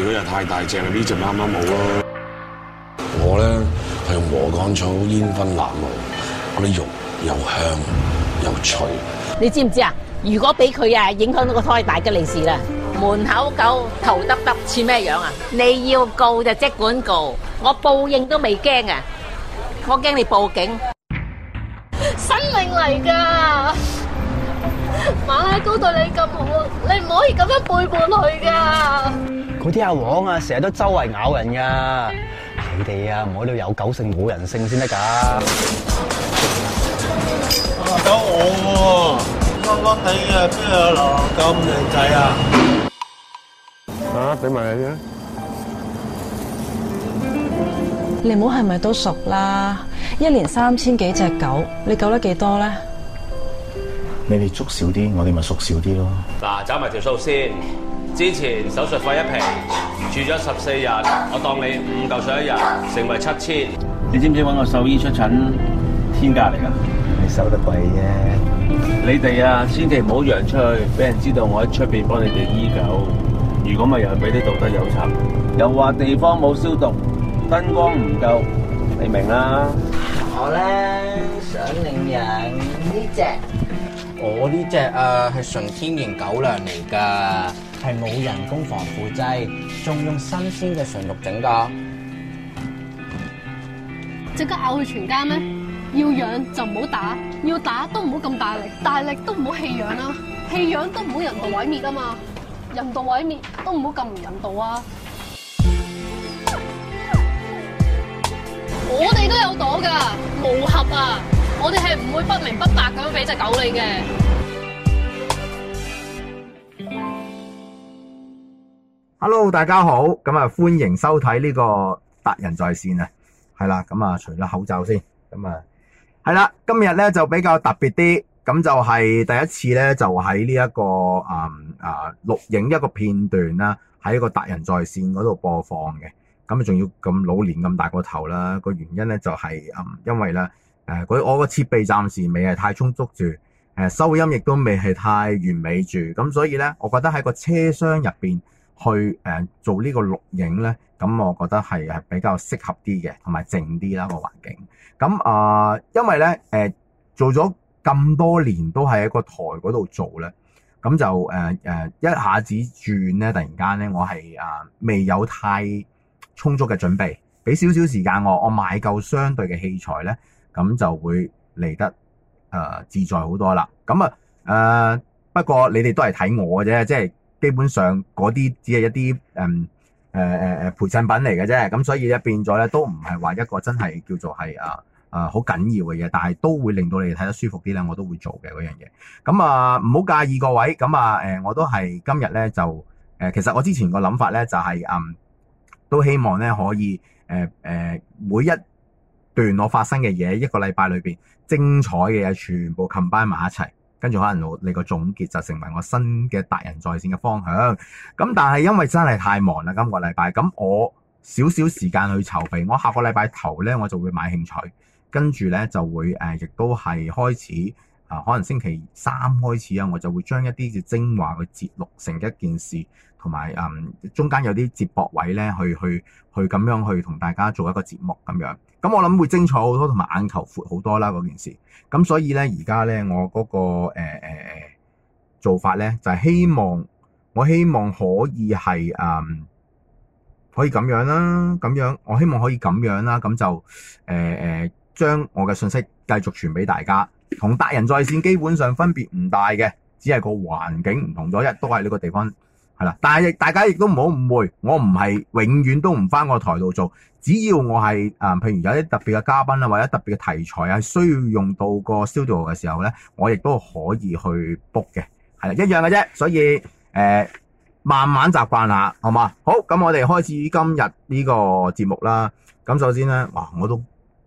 如果又太大隻啦，呢隻啱啱好咯。我咧係用禾稈草煙燻臘味，嗰啲肉又香又脆。你知唔知啊？如果俾佢啊影響到個胎大吉利是啦。門口狗頭耷耷似咩樣啊？你要告就即管告，我報應都未驚啊！我驚你報警。生命嚟㗎，馬拉糕對你咁好，你唔可以咁樣背叛佢㗎。嗰啲阿黃啊，成日都周圍咬人噶，你哋啊，唔好喺度有狗性冇人性先得噶。狗我，笠笠地啊，邊有流浪狗咁靚仔啊？啊，俾埋你啦。你唔好係咪都熟啦？一年三千幾隻狗，你救得幾多咧？你哋捉少啲，我哋咪熟少啲咯。嗱，走埋條數先。之前手術費一皮，住咗十四日，我當你五舊水一日，成為七千。你知唔知搵個獸醫出診？天價嚟噶，你收得貴啫。你哋啊，千祈唔好揚出去，俾人知道我喺出邊幫你哋醫狗。如果咪又係俾啲道德有仇，又話地方冇消毒，燈光唔夠，你明啦。我咧想領養呢隻，我呢隻啊係純天然狗糧嚟噶。係冇人工防腐劑，仲用新鮮嘅純肉整噶。即刻咬佢全家咩？要養就唔好打，要打都唔好咁大力，大力都唔好棄養啦，棄養都唔好人道毀滅啊嘛，人道毀滅都唔好咁唔人道啊。我哋都有朵噶，無合啊！我哋係唔會不明不白咁樣俾隻狗你嘅。hello，大家好，咁啊歡迎收睇呢個達仁在線啊，係啦，咁啊除咗口罩先，咁啊係啦，今日咧就比較特別啲，咁就係第一次咧就喺呢一個誒誒、嗯啊、錄影一個片段啦，喺個達仁在線嗰度播放嘅，咁仲要咁老年咁大個頭啦，個原因咧就係、是、誒、嗯、因為咧誒、呃、我個設備暫時未係太充足住，誒、呃、收音亦都未係太完美住，咁所以咧我覺得喺個車廂入邊。去誒做呢個錄影咧，咁我覺得係係比較適合啲嘅，同埋靜啲啦個環境。咁啊、呃，因為咧誒、呃、做咗咁多年都喺一個台嗰度做咧，咁就誒誒、呃、一下子轉咧，突然間咧我係啊、呃、未有太充足嘅準備，俾少少時間我，我買夠相對嘅器材咧，咁就會嚟得誒、呃、自在好多啦。咁啊誒不過你哋都係睇我嘅啫，即係。基本上嗰啲只係一啲誒誒誒誒陪襯品嚟嘅啫，咁所以咧變咗咧都唔係話一個真係叫做係啊啊好緊要嘅嘢，但係都會令到你睇得舒服啲咧，我都會做嘅嗰樣嘢。咁啊唔好介意各位，咁啊誒我都係今日咧就誒、呃，其實我之前個諗法咧就係、是、嗯都希望咧可以誒誒、呃、每一段我發生嘅嘢一個禮拜裏邊精彩嘅嘢全部冚巴埋一齊。跟住可能我你個總結就成為我新嘅達仁在線嘅方向。咁但係因為真係太忙啦，今個禮拜咁我少少時間去籌備。我下個禮拜頭呢，我就會買興趣，跟住呢，就會誒、呃，亦都係開始啊、呃。可能星期三開始啊，我就會將一啲嘅精華去節錄成一件事，同埋嗯中間有啲接駁位呢，去去去咁樣去同大家做一個節目咁樣。咁我諗會精彩好多，同埋眼球闊好多啦。嗰件事咁，所以呢，而家呢，我嗰個誒誒誒做法呢，就係、是、希望我希望可以係誒、呃、可以咁樣啦，咁樣我希望可以咁樣啦，咁就誒誒將我嘅信息繼續傳俾大家，同達仁在線基本上分別唔大嘅，只係個環境唔同咗，一都係呢個地方。係啦，但係大家亦都唔好誤會，我唔係永遠都唔翻我台度做，只要我係誒、呃，譬如有啲特別嘅嘉賓啦，或者特別嘅題材啊，需要用到個 studio 嘅時候咧，我亦都可以去 book 嘅。係啦，一樣嘅啫。所以誒、呃，慢慢習慣啦，好嘛？好，咁我哋開始今日呢個節目啦。咁首先咧，哇，我都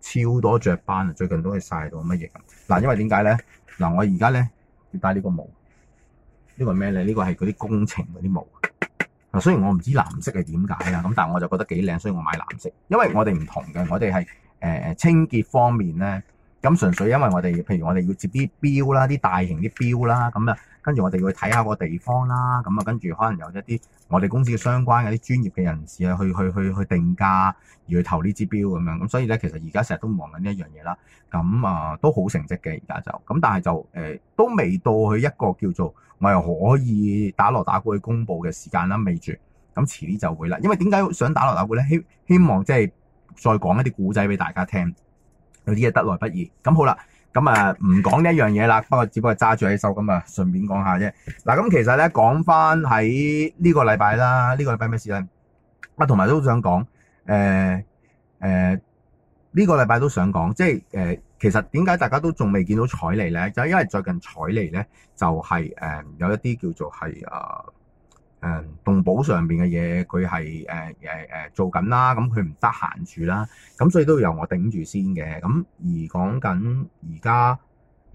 超多雀斑，啊，最近都係晒到乜嘢？嗱，因為點解咧？嗱，我而家咧要戴呢帶個帽。呢個咩咧？呢個係嗰啲工程嗰啲帽啊。雖然我唔知藍色係點解啊，咁但係我就覺得幾靚，所以我買藍色。因為我哋唔同嘅，我哋係誒清潔方面咧。咁純粹因為我哋，譬如我哋要接啲標啦，啲大型啲標啦，咁啊，跟住我哋要睇下個地方啦，咁啊，跟住可能有一啲我哋公司相關嘅啲專業嘅人士啊，去去去去定價而去投呢支標咁樣。咁所以咧，其實而家成日都忙緊呢一樣嘢啦。咁啊，都好成績嘅而家就咁，但係就誒、呃、都未到去一個叫做。我又可以打鑼打鼓去公布嘅時間啦，未住咁遲啲就會啦。因為點解想打鑼打鼓咧？希希望即係再講一啲古仔俾大家聽，有啲嘢得來不易。咁好啦，咁啊唔講呢一樣嘢啦。不過只不過揸住喺手咁啊，順便講下啫。嗱，咁其實咧講返喺呢個禮拜啦，呢個禮拜咩事咧？啊，同埋都想講，誒、呃、誒，呢個禮拜都想講，即係誒。呃其實點解大家都仲未見到采妮呢？就因為最近采妮呢就係、是、誒有一啲叫做係誒誒動保上邊嘅嘢，佢係誒誒誒做緊啦，咁佢唔得閒住啦，咁所以都要由我頂住先嘅。咁而講緊而家。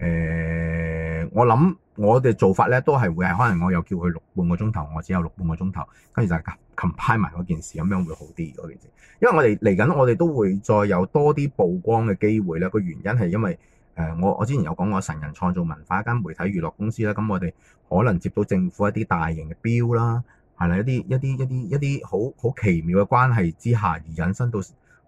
誒、呃，我諗我哋做法咧都係會係，可能我又叫佢錄半個鐘頭，我只有錄半個鐘頭，跟住就係 Compile 埋嗰件事咁樣會好啲嗰件事。因為我哋嚟緊，我哋都會再有多啲曝光嘅機會咧。個原因係因為誒、呃，我我之前有講過神人創造文化一間媒體娛樂公司啦，咁我哋可能接到政府一啲大型嘅標啦，係啦一啲一啲一啲一啲好好奇妙嘅關係之下，而引申到。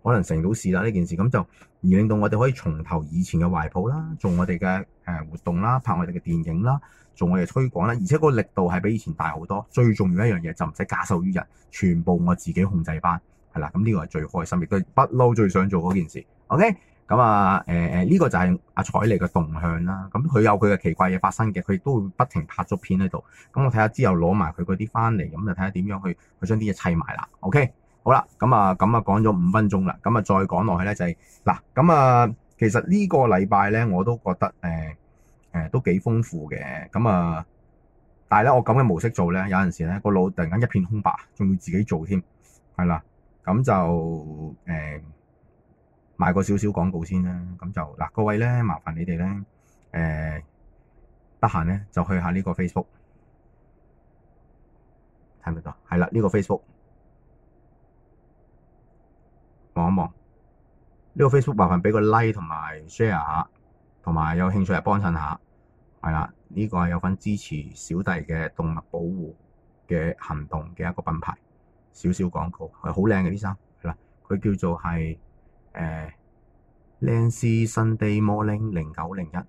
可能成到事啦呢件事咁就而令到我哋可以重投以前嘅懷抱啦，做我哋嘅誒活動啦，拍我哋嘅電影啦，做我哋嘅推廣啦，而且個力度係比以前大好多。最重要一樣嘢就唔使假手於人，全部我自己控制翻，係啦。咁、這、呢個係最開心亦都係不嬲最想做嗰件事。OK，咁啊誒誒呢個就係阿采妮嘅動向啦。咁、嗯、佢有佢嘅奇怪嘢發生嘅，佢都會不停拍咗片喺度。咁、嗯、我睇下之後攞埋佢嗰啲翻嚟，咁就睇下點樣去去將啲嘢砌埋啦。OK。好啦，咁啊，咁啊，講咗五分鐘啦，咁啊，再講落去咧就係嗱，咁啊，其實呢個禮拜咧我都覺得誒誒、呃呃、都幾豐富嘅，咁啊，但係咧我咁嘅模式做咧，有陣時咧個腦突然間一片空白，仲要自己做添，係啦，咁就誒賣個少少廣告先啦，咁就嗱、呃，各位咧麻煩你哋咧，誒得閒咧就去下呢個 Facebook，睇唔睇到？係啦，呢、這個 Facebook。望一望呢、這個 Facebook，麻煩畀個 like 同埋 share 下，同埋有,有興趣係幫襯下，係啦呢個係有份支持小弟嘅動物保護嘅行動嘅一個品牌，少少廣告係好靚嘅啲衫，係啦，佢叫做係誒 Lancy Sunday Morning 零九零一，係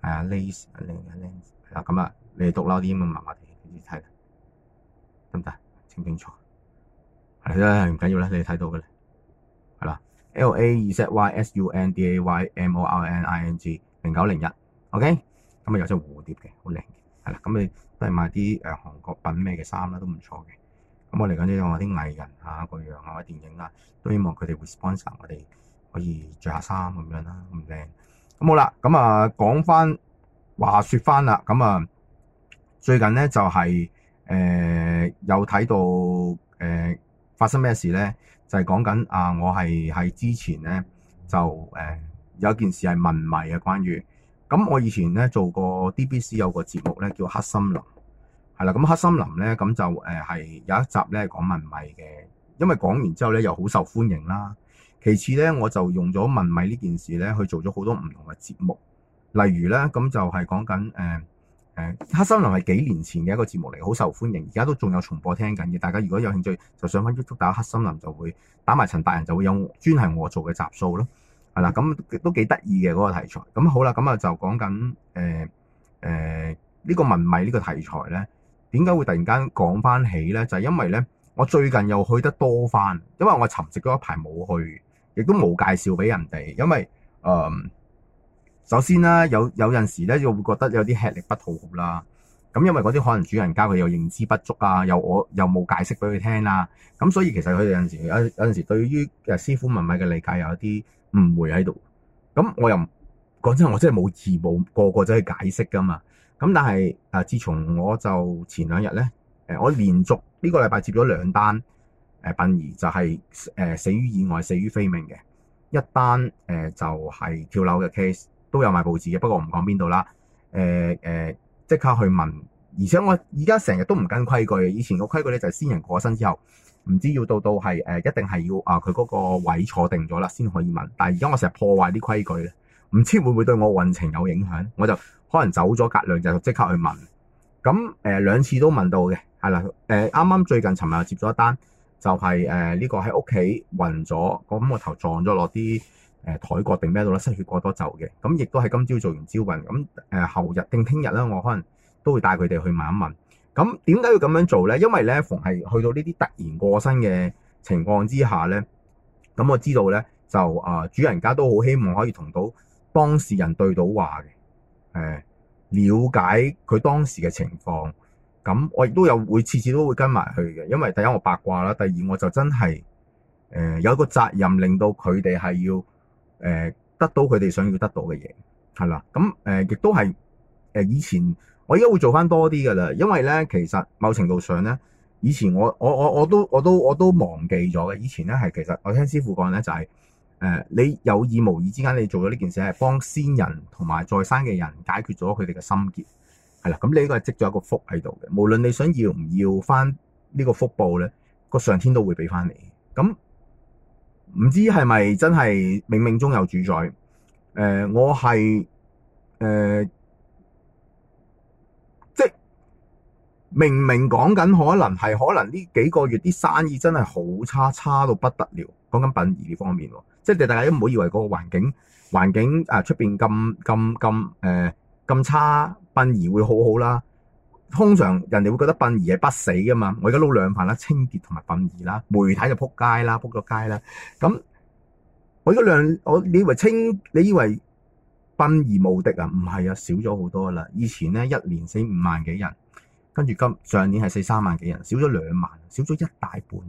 啊，lace 靚啊，lace 係咁啊，你讀漏啲英文我哋睇，得唔得？清清楚？係啦，唔緊要啦，你睇到嘅啦，係啦。L A E Z Y S U N D A Y M O R N I N G 零九零一，OK。咁啊有隻蝴蝶嘅，好靚嘅，係啦。咁你都係買啲誒韓國品味嘅衫啦，都唔錯嘅。咁我嚟緊呢度我啲藝人啊、個樣啊、或者電影啊，都希望佢哋 sponsor 我哋，可以着下衫咁樣啦，咁靚。咁好啦，咁啊講翻話説翻啦，咁啊最近咧就係、是、誒有睇到誒。發生咩事咧？就係講緊啊！我係喺之前咧，就誒、呃、有一件事係問米啊，關於咁我以前咧做過 DBC 有個節目咧叫《黑森林》，係啦，咁《黑森林》咧咁就誒係有一集咧講問米嘅。因為講完之後咧又好受歡迎啦。其次咧，我就用咗問米呢件事咧去做咗好多唔同嘅節目，例如咧咁就係講緊誒。呃誒，黑森林係幾年前嘅一個節目嚟，好受歡迎，而家都仲有重播聽緊嘅。大家如果有興趣，就上翻 YouTube 打黑森林，就會打埋陳大人，就會有專係我做嘅集數咯。係啦，咁都都幾得意嘅嗰個題材。咁好啦，咁啊就講緊誒誒呢個問米呢個題材咧，點解會突然間講翻起咧？就係因為咧，我最近又去得多翻，因為我沉寂咗一排冇去，亦都冇介紹俾人哋，因為誒。嗯首先啦，有有陣時咧，就會覺得有啲吃力不討好啦。咁因為嗰啲可能主人家佢又認知不足啊，又我又冇解釋俾佢聽啊。咁所以其實佢有陣時有有陣時對於誒師傅問米嘅理解有一啲誤會喺度。咁我又講真，我真係冇義務個個仔去解釋㗎嘛。咁但係啊，自從我就前兩日咧誒，我連續呢個禮拜接咗兩單誒殯儀，就係誒死於意外、死於非命嘅一單誒，就係跳樓嘅 case。都有賣報紙嘅，不過唔講邊度啦。誒、呃、誒，即、呃、刻去問，而且我而家成日都唔跟規矩。以前個規矩咧就係先人過身之後，唔知要到到係誒、呃、一定係要啊佢嗰個位坐定咗啦先可以問。但係而家我成日破壞啲規矩咧，唔知會唔會對我運程有影響？我就可能走咗隔兩日就即刻去問。咁誒、呃、兩次都問到嘅，係啦。誒啱啱最近尋日接咗單，就係誒呢個喺屋企暈咗，咁個頭撞咗落啲。誒台角定咩度啦？失血過多就嘅，咁亦都係今朝做完招魂，咁誒後日定聽日咧，我可能都會帶佢哋去問一問。咁點解要咁樣做咧？因為咧逢係去到呢啲突然過身嘅情況之下咧，咁我知道咧就啊主人家都好希望可以同到當事人對到話嘅，誒了解佢當時嘅情況。咁我亦都有會次次都會跟埋去嘅，因為第一我八卦啦，第二我就真係誒有一個責任令到佢哋係要。誒，得到佢哋想要得到嘅嘢，係啦，咁、嗯、誒、亦、嗯、都係誒，以前我而家會做翻多啲噶啦，因為咧，其實某程度上咧，以前我我我我都我都我都忘記咗嘅，以前咧係其實我聽師傅講咧就係、是、誒、呃，你有意無意之間你做咗呢件事係幫先人同埋在生嘅人解決咗佢哋嘅心結，係啦，咁、嗯、你呢個係積咗一個福喺度嘅，無論你想要唔要翻呢個福報咧，個上天都會俾翻你，咁、嗯。唔知係咪真係冥冥中有主宰？誒、呃，我係誒、呃，即係明明講緊可能係可能呢幾個月啲生意真係好差，差到不得了。講緊殯儀呢方面喎，即係你大家都唔好以為個環境環境啊出邊咁咁咁誒咁差，殯儀會好好啦。通常人哋會覺得殯儀係不死噶嘛，我而家撈兩份啦，清潔同埋殯儀啦，媒體就撲街啦，撲咗街啦。咁我而家兩，我，量我你以為清，你以為殯儀無敵啊？唔係啊，少咗好多啦。以前咧一年死五萬幾人，跟住今上年係死三萬幾人，少咗兩萬，少咗一大半。咁、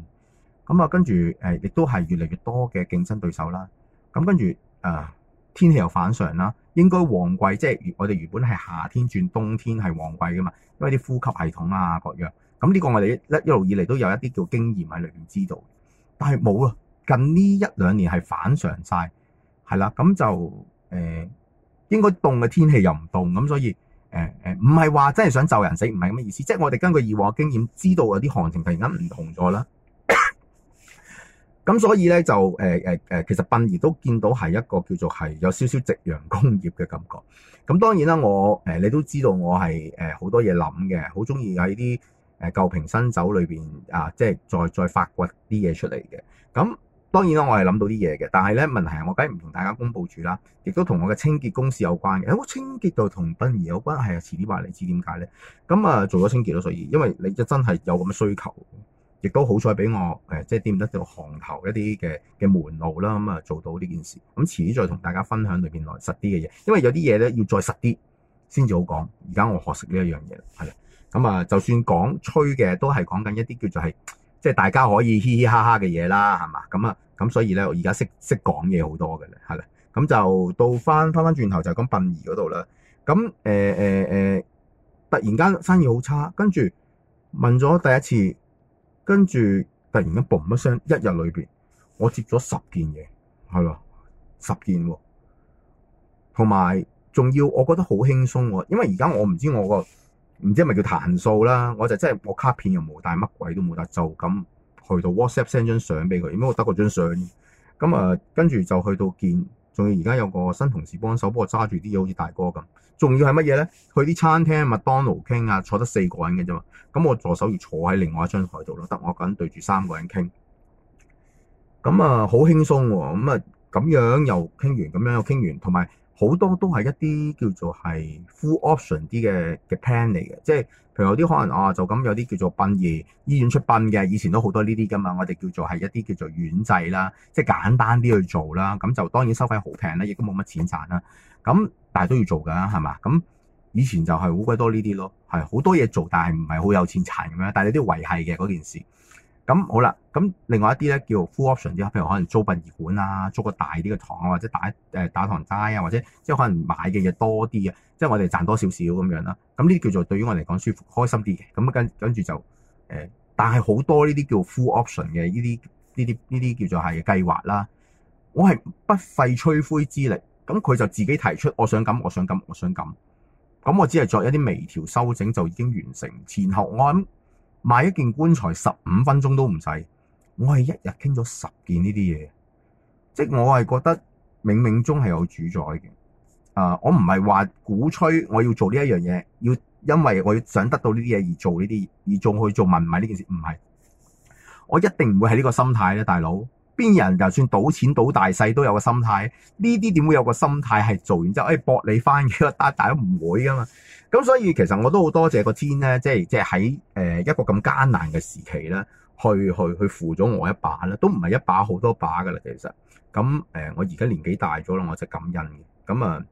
嗯、啊，跟住誒，亦都係越嚟越多嘅競爭對手啦。咁跟住誒，天氣又反常啦。應該旺季即係我哋原本係夏天轉冬天係旺季噶嘛，因為啲呼吸系統啊各樣，咁呢個我哋一一路以嚟都有一啲叫經驗喺裏面知道，但係冇啦，近呢一兩年係反常晒，係啦，咁就誒、呃、應該凍嘅天氣又唔凍，咁所以誒誒唔係話真係想就人死，唔係咁嘅意思，即係我哋根據以往嘅經驗知道有啲行情突然間唔同咗啦。咁所以咧就誒誒誒，其實殯儀都見到係一個叫做係有少少夕陽工業嘅感覺。咁當然啦，我誒你都知道我係誒好多嘢諗嘅，好中意喺啲誒舊瓶新酒裏邊啊，即係再再發掘啲嘢出嚟嘅。咁當然啦，我係諗到啲嘢嘅，但係咧問題係我梗係唔同大家公佈住啦，亦都同我嘅清潔公司有關嘅。誒，我清潔度同殯儀有關係啊，遲啲話你知點解咧？咁啊，做咗清潔咯，所以因為你真係有咁嘅需求。亦都好彩俾我誒，即係掂得到行頭一啲嘅嘅門路啦。咁啊，做到呢件事咁遲啲再同大家分享裏邊內實啲嘅嘢，因為有啲嘢咧要再實啲先至好講。而家我學識呢一樣嘢，係啦。咁啊，就算講吹嘅都係講緊一啲叫做係即係大家可以嘻嘻哈哈嘅嘢啦，係嘛？咁啊咁，所以咧我而家識識講嘢好多嘅啦，係啦。咁就到翻翻翻轉頭就講殯儀嗰度啦。咁誒誒誒，突然間生意好差，跟住問咗第一次。跟住突然間嘣一聲，一日裏邊我接咗十件嘢，係咯十件喎、哦，同埋仲要我覺得好輕鬆喎、哦，因為而家我唔知我個唔知係咪叫彈數啦，我就真、是、係我卡片又冇帶，乜鬼都冇得做，咁去到 WhatsApp send 張相畀佢，咁我得過張相，咁、嗯、啊跟住就去到見。仲要而家有個新同事幫手，幫我揸住啲嘢好似大哥咁。仲要係乜嘢咧？去啲餐廳麥當勞傾啊，坐得四個人嘅啫嘛。咁我助手要坐喺另外一張台度咯，得我一個人對住三個人傾。咁啊，好輕鬆喎。咁啊，咁樣又傾完，咁樣又傾完，同埋。好多都係一啲叫做係 full option 啲嘅嘅 plan 嚟嘅，即係譬如有啲可能啊，就咁有啲叫做殯儀醫院出殯嘅，以前都好多呢啲噶嘛，我哋叫做係一啲叫做院制啦，即係簡單啲去做啦，咁就當然收費好平啦，亦都冇乜錢賺啦。咁但係都要做㗎，係嘛？咁以前就係好鬼多呢啲咯，係好多嘢做，但係唔係好有錢賺咁樣，但係你都要維繫嘅嗰件事。咁好啦，咁另外一啲咧叫 full option 啲，譬如可能租殯儀館啊，租個大啲嘅堂，堂啊，或者打誒打堂齋啊，或者即係可能買嘅嘢多啲啊。即係我哋賺多少少咁樣啦。咁呢啲叫做對於我嚟講舒服開心啲嘅。咁跟跟住就誒、呃，但係好多呢啲叫 full option 嘅呢啲呢啲呢啲叫做係計劃啦。我係不費吹灰之力，咁佢就自己提出我想咁，我想咁，我想咁，咁我，我只係作一啲微調修整就已經完成前後。我諗。買一件棺材十五分鐘都唔使，我係一日傾咗十件呢啲嘢，即係我係覺得冥冥中係有主宰嘅。誒、呃，我唔係話鼓吹我要做呢一樣嘢，要因為我要想得到呢啲嘢而做呢啲，而仲去做問米呢件事唔係，我一定唔會係呢個心態咧，大佬。邊人就算賭錢賭大細都有個心態，呢啲點會有個心態係做完之後誒博、欸、你翻嘅？但係大家都唔會噶嘛。咁所以其實我都好多謝個天咧，即係即係喺誒一個咁艱難嘅時期咧，去去去扶咗我一把咧，都唔係一把好多把噶啦。其實咁誒、呃，我而家年紀大咗啦，我就感恩嘅。咁啊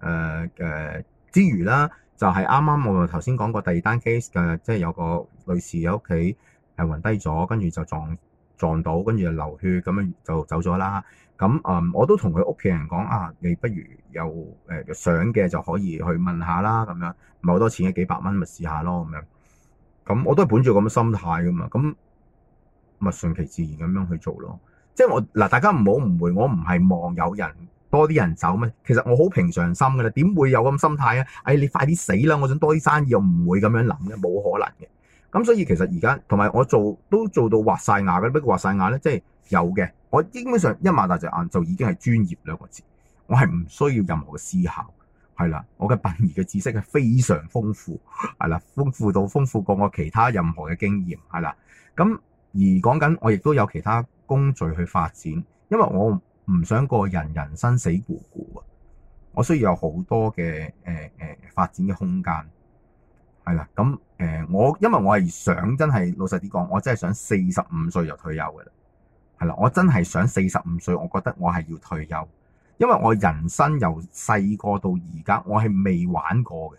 誒誒之餘啦，就係啱啱我頭先講過第二單 case 嘅，即、就、係、是、有個女士喺屋企係暈低咗，跟住就撞。撞到，跟住就流血，咁樣就走咗啦。咁啊、嗯，我都同佢屋企人講啊，你不如有誒、呃、想嘅就可以去問下啦，咁樣唔係好多錢嘅，幾百蚊咪試下咯，咁樣。咁我都係本住咁嘅心態噶嘛，咁咪順其自然咁樣去做咯。即係我嗱，大家唔好誤會，我唔係望有人多啲人走咩？其實我好平常心噶啦，點會有咁心態啊？誒、哎，你快啲死啦！我想多啲生意，又唔會咁樣諗嘅，冇可能嘅。咁所以其實而家同埋我做都做到畫晒眼嘅，不過畫晒眼咧即係有嘅。我基本上一擘大隻眼就已經係專業兩個字，我係唔需要任何嘅思考，係啦。我嘅殯儀嘅知識係非常豐富，係啦，豐富到豐富過我其他任何嘅經驗，係啦。咁而講緊我亦都有其他工序去發展，因為我唔想個人人生死顧顧啊，我需要有好多嘅誒誒發展嘅空間。係啦，咁誒、嗯，我因為我係想真係老實啲講，我真係想四十五歲就退休嘅啦。係啦，我真係想四十五歲，我覺得我係要退休，因為我人生由細個到而家，我係未玩過嘅，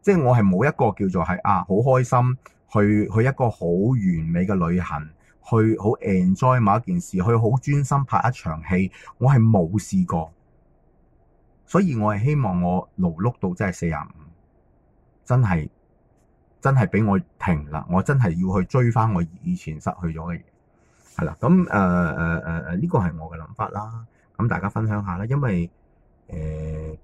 即係我係冇一個叫做係啊好開心去去一個好完美嘅旅行，去好 enjoy 某一件事，去好專心拍一場戲，我係冇試過，所以我係希望我勞碌到真係四十五，真係。真係畀我停啦！我真係要去追翻我以前失去咗嘅嘢，係啦。咁誒誒誒誒，呢、呃呃呃這個係我嘅諗法啦。咁大家分享下啦，因為誒、呃，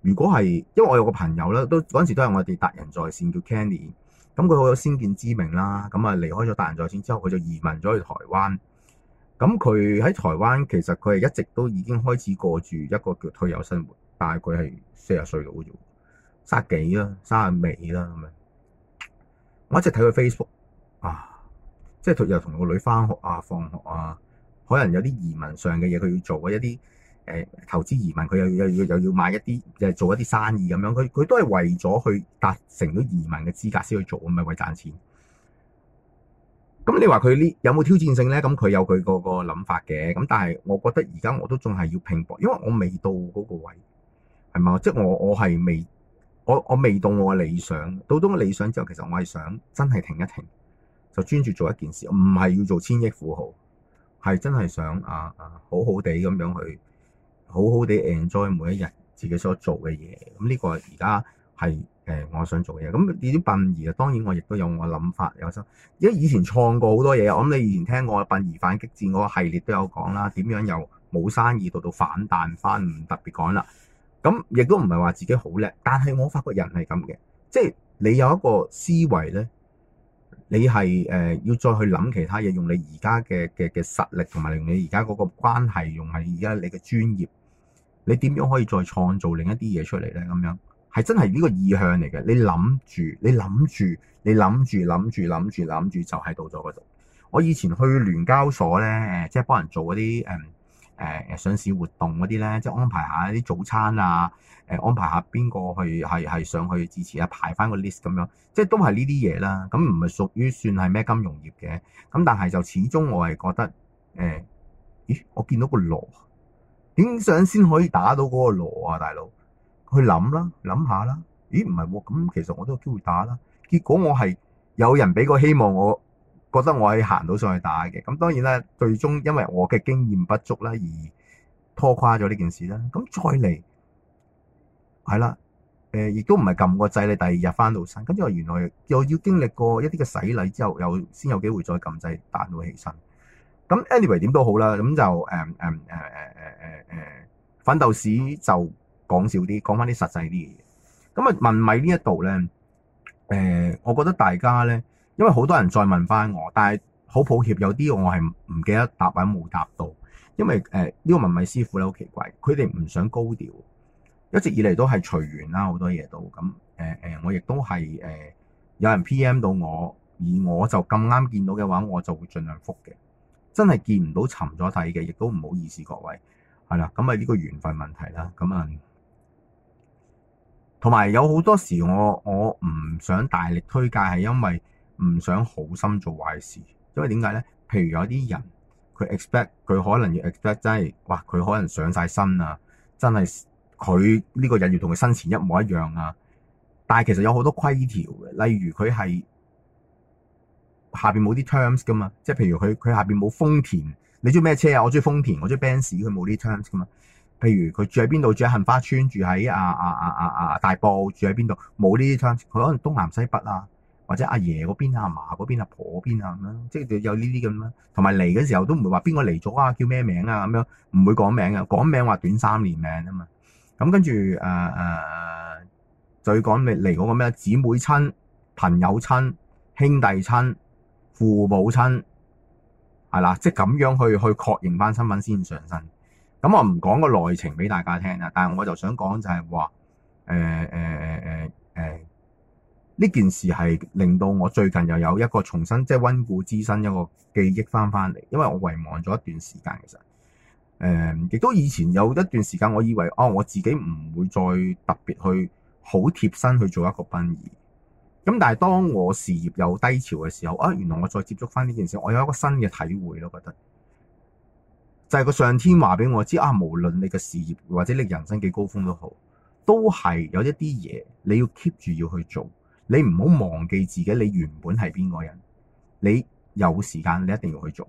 如果係因為我有個朋友咧，都嗰陣時都係我哋達仁在線叫 Kenny，咁佢好有先見之明啦。咁啊，離開咗達仁在線之後，佢就移民咗去台灣。咁佢喺台灣其實佢係一直都已經開始過住一個叫退休生活，但係佢係四十歲度啫，卅幾啦，卅尾啦咁啊。我一直睇佢 Facebook 啊，即係佢又同個女返學啊、放學啊，可能有啲移民上嘅嘢佢要做一啲誒、呃、投資移民，佢又又又又要買一啲，又係做一啲生意咁樣，佢佢都係為咗去達成咗移民嘅資格先去做，唔係為賺錢。咁你話佢呢有冇挑戰性咧？咁佢有佢個個諗法嘅，咁但係我覺得而家我都仲係要拼搏，因為我未到嗰個位，係嘛？即係我我係未。我我未到我嘅理想，到咗我嘅理想之後，其實我係想真係停一停，就專注做一件事，唔係要做千億富豪，係真係想啊啊好好地咁樣去好好地 enjoy 每一日自己所做嘅嘢。咁呢個而家係誒我想做嘅嘢。咁啲殯儀啊，當然我亦都有我諗法，有心，因為以前創過好多嘢啊。我諗你以前聽過殯儀反擊戰嗰個系列都有講啦，點樣由冇生意到到反彈翻，唔特別講啦。咁亦都唔係話自己好叻，但係我發覺人係咁嘅，即係你有一個思維咧，你係誒、呃、要再去諗其他嘢，用你而家嘅嘅嘅實力，同埋用你而家嗰個關係，用你而家你嘅專業，你點樣可以再創造另一啲嘢出嚟咧？咁樣係真係呢個意向嚟嘅，你諗住，你諗住，你諗住，諗住，諗住，諗住就喺度咗嗰度。我以前去聯交所咧，誒，即係幫人做嗰啲誒。嗯誒、呃、上市活動嗰啲咧，即係安排下啲早餐啊，誒、呃、安排下邊個去係係上去支持啊，排翻個 list 咁樣，即係都係呢啲嘢啦。咁唔係屬於算係咩金融業嘅，咁但係就始終我係覺得誒、欸，咦我見到個鑼，點樣先可以打到嗰個鑼啊，大佬？去諗啦，諗下啦。咦唔係喎，咁、哦、其實我都有機會打啦。結果我係有人俾個希望我。覺得我係行到上去打嘅，咁當然啦，最終因為我嘅經驗不足啦，而拖垮咗呢件事啦。咁再嚟，係啦，誒，亦都唔係撳個掣你第二日翻到身，跟住我原來又要經歷過一啲嘅洗禮之後，又先有機會再撳掣打到起身。咁、uh, anyway、uh, uh, uh, uh, uh, uh, uh, 點都好啦，咁就誒誒誒誒誒誒誒，奮鬥史就講少啲，講翻啲實際啲嘢。咁啊，問米呢一度咧，誒，我覺得大家咧。因為好多人再問翻我，但係好抱歉，有啲我係唔記得答，或者冇答到。因為誒呢、呃這個問米師傅咧好奇怪，佢哋唔想高調，一直以嚟都係隨緣啦，好多嘢都咁。誒誒、呃呃，我亦都係誒有人 P.M. 到我，而我就咁啱見到嘅話，我就會盡量覆嘅。真係見唔到沉底，沉咗底嘅，亦都唔好意思，各位係啦。咁啊呢個緣分問題啦，咁啊同埋有好多時我我唔想大力推介，係因為唔想好心做壞事，因為點解咧？譬如有啲人，佢 expect 佢可能要 expect 真係，哇！佢可能上晒身啊，真係佢呢個人要同佢生前一模一樣啊。但係其實有好多規條嘅，例如佢係下邊冇啲 terms 噶嘛，即係譬如佢佢下邊冇豐田，你中意咩車啊？我中意豐田，我中意 Benz，佢冇啲 terms 噶嘛。譬如佢住喺邊度？住喺杏花村，住喺啊啊啊啊啊大埔，住喺邊度？冇呢啲 terms，佢可能東南西北啊。或者阿爺嗰邊阿嫲嗰邊啊、阿婆嗰邊啊咁啦，即係有呢啲咁啦。同埋嚟嘅時候都唔會話邊個嚟咗啊，叫咩名啊咁樣，唔會講名嘅，講名話短三年命啊嘛。咁跟住誒誒誒，就要講嚟嗰個咩啊，姊妹親、朋友親、兄弟親、父母親，係啦，即係咁樣去去確認翻身份先上身。咁我唔講個內情俾大家聽啊，但係我就想講就係話誒誒誒誒誒。呢件事係令到我最近又有一個重新即係溫故知新，一個記憶翻返嚟，因為我遺忘咗一段時間。其實誒，亦都以前有一段時間，我以為哦，我自己唔會再特別去好貼身去做一個殯儀咁。但係當我事業有低潮嘅時候啊，原來我再接觸翻呢件事，我有一個新嘅體會咯，我覺得就係、是、個上天話俾我知啊，無論你嘅事業或者你人生幾高峰都好，都係有一啲嘢你要 keep 住要去做。你唔好忘記自己，你原本係邊個人。你有時間，你一定要去做；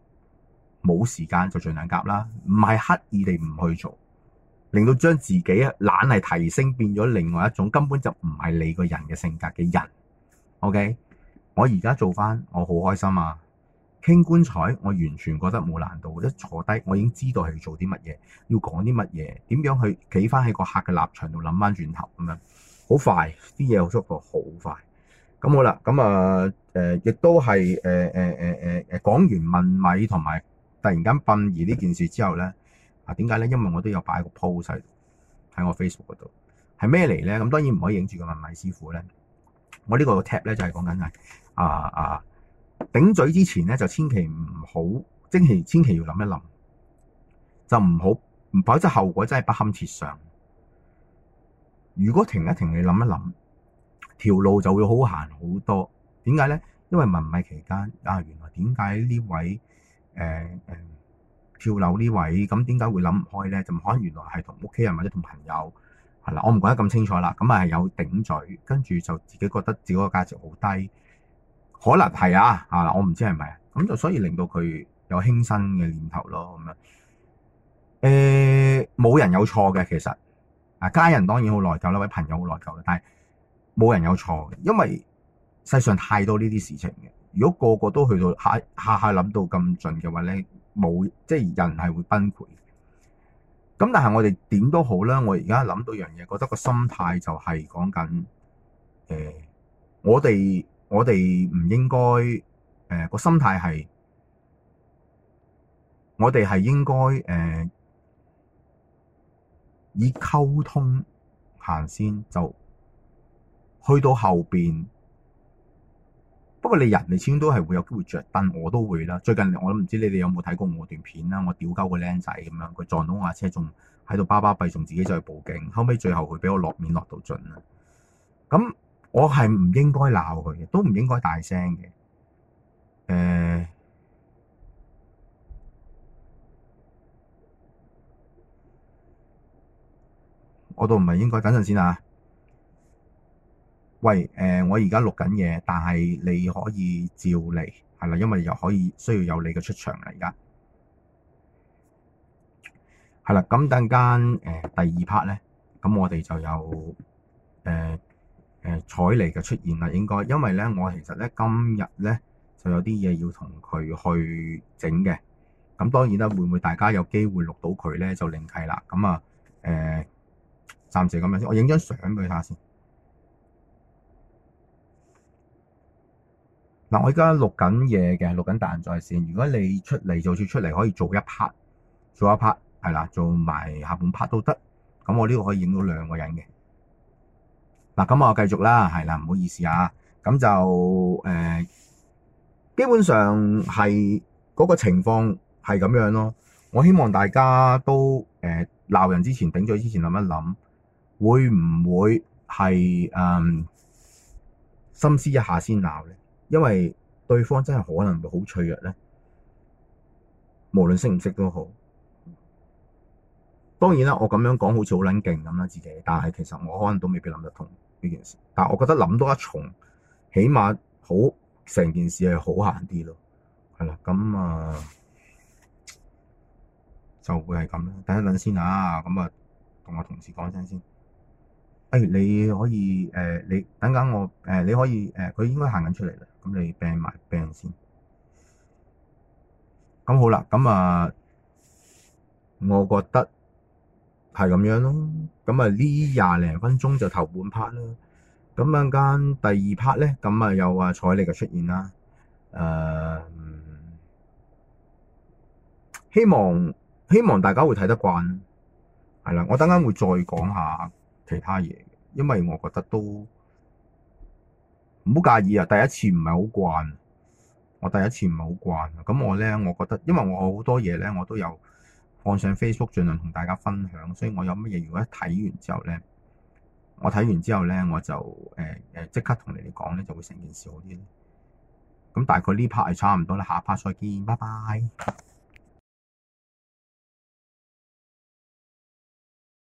冇時間就盡量夾啦。唔係刻意地唔去做，令到將自己懶係提升，變咗另外一種根本就唔係你個人嘅性格嘅人。OK，我而家做翻，我好開心啊！傾棺材，我完全覺得冇難度。一坐低，我已經知道係做啲乜嘢，要講啲乜嘢，點樣去企翻喺個客嘅立場度諗翻轉頭咁樣，好快啲嘢，會速度好快。咁、嗯、好啦，咁、嗯、啊，誒，亦都係，誒、呃，誒、呃，誒，誒，誒，講完問米同埋突然間殯儀呢件事之後咧，啊，點解咧？因為我都有擺個 pose 喺我 Facebook 嗰度，係咩嚟咧？咁當然唔可以影住個問米師傅咧，我個呢個 tap 咧就係講緊係，啊啊，頂嘴之前咧就千祈唔好，千祈千祈要諗一諗，就唔好，否則後果真係不堪設想。如果停一停，你諗一諗。條路就會好行好多，點解咧？因為問米期間啊，原來點解呢位誒誒、呃呃、跳樓位呢位咁點解會諗唔開咧？就可能原來係同屋企人或者同朋友係啦，我唔講得咁清楚啦。咁啊係有頂嘴，跟住就自己覺得自己個價值好低，可能係啊啊我唔知係咪，咁就所以令到佢有輕生嘅念頭咯咁樣。誒、呃，冇人有錯嘅其實啊，家人當然好內疚啦，位朋友好內疚嘅，但係。冇人有錯嘅，因為世上太多呢啲事情嘅。如果個個都去到下下下諗到咁盡嘅話呢，冇即係人係會崩潰。咁但係我哋點都好啦，我而家諗到樣嘢，覺得個心態就係講緊誒，我哋我哋唔應該誒、呃、個心態係，我哋係應該誒、呃、以溝通行先就。去到後邊，不過你人你始終都係會有機會着但我都會啦。最近我都唔知你哋有冇睇過我段片啦。我屌鳩個僆仔咁樣，佢撞到我架車，仲喺度巴巴閉，仲自己走去報警。後尾最後佢畀我落面落到盡啦。咁我係唔應該鬧佢嘅，都唔應該大聲嘅。誒、欸，我都唔係應該等陣先啊。喂，誒、呃、我而家錄緊嘢，但係你可以照嚟，係啦，因為又可以需要有你嘅出場嚟。而家係啦，咁等間誒第二 part 咧，咁我哋就有誒誒、呃呃、采妮嘅出現啦，應該，因為咧我其實咧今日咧就有啲嘢要同佢去整嘅，咁當然啦，會唔會大家有機會錄到佢咧就另計啦，咁啊誒、呃，暫時咁樣先，我影張相俾佢睇下先。嗱、啊，我而家錄緊嘢嘅，錄緊達仁在線。如果你出嚟，就算出嚟可以做一 part，做一 part，係啦，做埋下半 part 都得。咁我呢個可以影到兩個人嘅嗱。咁、啊、我繼續啦，係啦，唔好意思啊。咁就誒、呃，基本上係嗰、那個情況係咁樣咯。我希望大家都誒鬧、呃、人之前、頂嘴之前諗一諗，會唔會係誒、嗯、深思一下先鬧咧？因為對方真係可能會好脆弱咧，無論識唔識都好。當然啦，我咁樣講好似好撚勁咁啦，自己，但係其實我可能都未必諗得通呢件事。但係我覺得諗多一重，起碼好成件事係好行啲咯。係啦，咁啊、呃、就會係咁啦。等一等先啊，咁啊同我同事講聲先。誒、哎，你可以誒、呃，你等緊我誒、呃，你可以誒，佢、呃呃、應該行緊出嚟啦。咁你病埋病先，咁好啦，咁啊，我覺得係咁樣咯，咁啊呢廿零分鐘就頭半 part 啦，咁等間第二 part 呢，咁啊又話采妮嘅出現啦，誒、呃，希望希望大家會睇得慣，係啦，我等間會再講下其他嘢，因為我覺得都。唔好介意啊，第一次唔係好慣，我第一次唔係好慣。咁我咧，我覺得，因為我好多嘢咧，我都有放上 Facebook，盡量同大家分享。所以我有乜嘢，如果一睇完之後咧，我睇完之後咧，我就誒誒即刻同你哋講咧，就會成件事好啲。咁大概呢 part 係差唔多啦，下 part 再見，拜拜。